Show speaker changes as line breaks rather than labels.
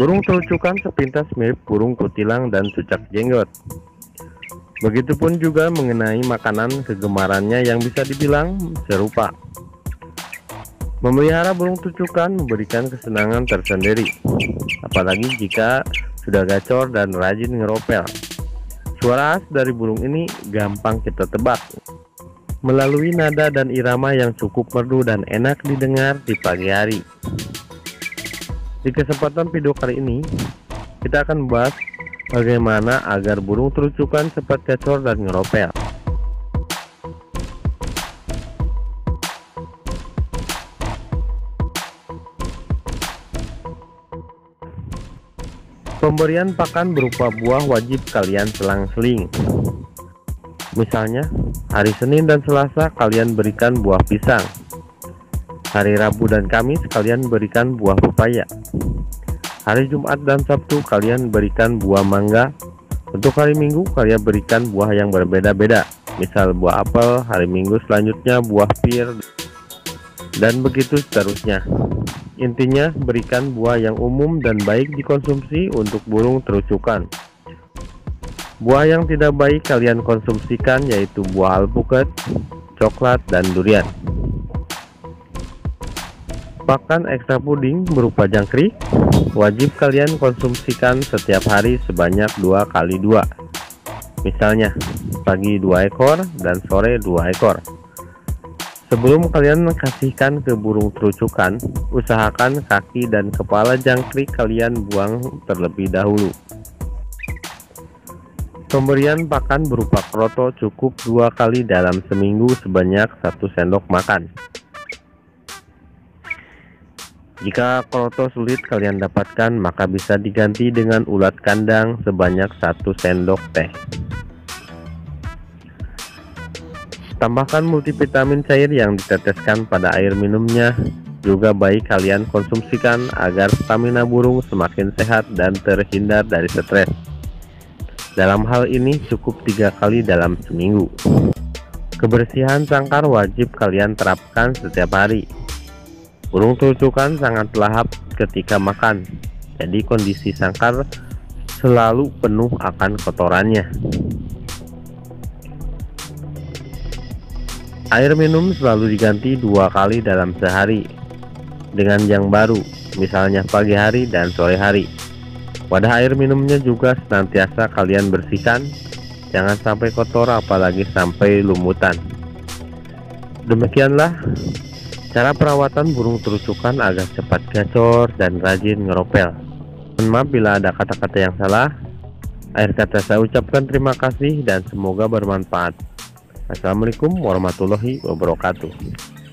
Burung telucukan sepintas mirip burung kutilang dan cucak jenggot. Begitupun juga mengenai makanan kegemarannya yang bisa dibilang serupa. Memelihara burung tucukan memberikan kesenangan tersendiri, apalagi jika sudah gacor dan rajin ngeropel. Suara as dari burung ini gampang kita tebak. Melalui nada dan irama yang cukup merdu dan enak didengar di pagi hari. Di kesempatan video kali ini, kita akan membahas bagaimana agar burung terucukan cepat kecor dan ngeropel. Pemberian pakan berupa buah wajib kalian selang-seling. Misalnya, hari Senin dan Selasa kalian berikan buah pisang, Hari Rabu dan Kamis kalian berikan buah pepaya. Hari Jumat dan Sabtu kalian berikan buah mangga. Untuk hari Minggu kalian berikan buah yang berbeda-beda. Misal buah apel, hari Minggu selanjutnya buah pir dan begitu seterusnya. Intinya berikan buah yang umum dan baik dikonsumsi untuk burung terucukan. Buah yang tidak baik kalian konsumsikan yaitu buah alpukat, coklat, dan durian. Pakan ekstra puding berupa jangkrik wajib kalian konsumsikan setiap hari sebanyak dua kali dua. Misalnya, pagi dua ekor dan sore dua ekor. Sebelum kalian kasihkan ke burung terucukan, usahakan kaki dan kepala jangkrik kalian buang terlebih dahulu. Pemberian pakan berupa kroto cukup dua kali dalam seminggu sebanyak satu sendok makan. Jika kroto sulit kalian dapatkan, maka bisa diganti dengan ulat kandang sebanyak 1 sendok teh. Tambahkan multivitamin cair yang diteteskan pada air minumnya. Juga baik kalian konsumsikan agar stamina burung semakin sehat dan terhindar dari stres. Dalam hal ini cukup tiga kali dalam seminggu. Kebersihan sangkar wajib kalian terapkan setiap hari Burung tutukan sangat lahap ketika makan, jadi kondisi sangkar selalu penuh akan kotorannya. Air minum selalu diganti dua kali dalam sehari dengan yang baru, misalnya pagi hari dan sore hari. Wadah air minumnya juga senantiasa kalian bersihkan, jangan sampai kotor apalagi sampai lumutan. Demikianlah Cara perawatan burung terusukan agar cepat gacor dan rajin ngeropel. Mohon maaf bila ada kata-kata yang salah. Akhir kata saya ucapkan terima kasih dan semoga bermanfaat. Assalamualaikum warahmatullahi wabarakatuh.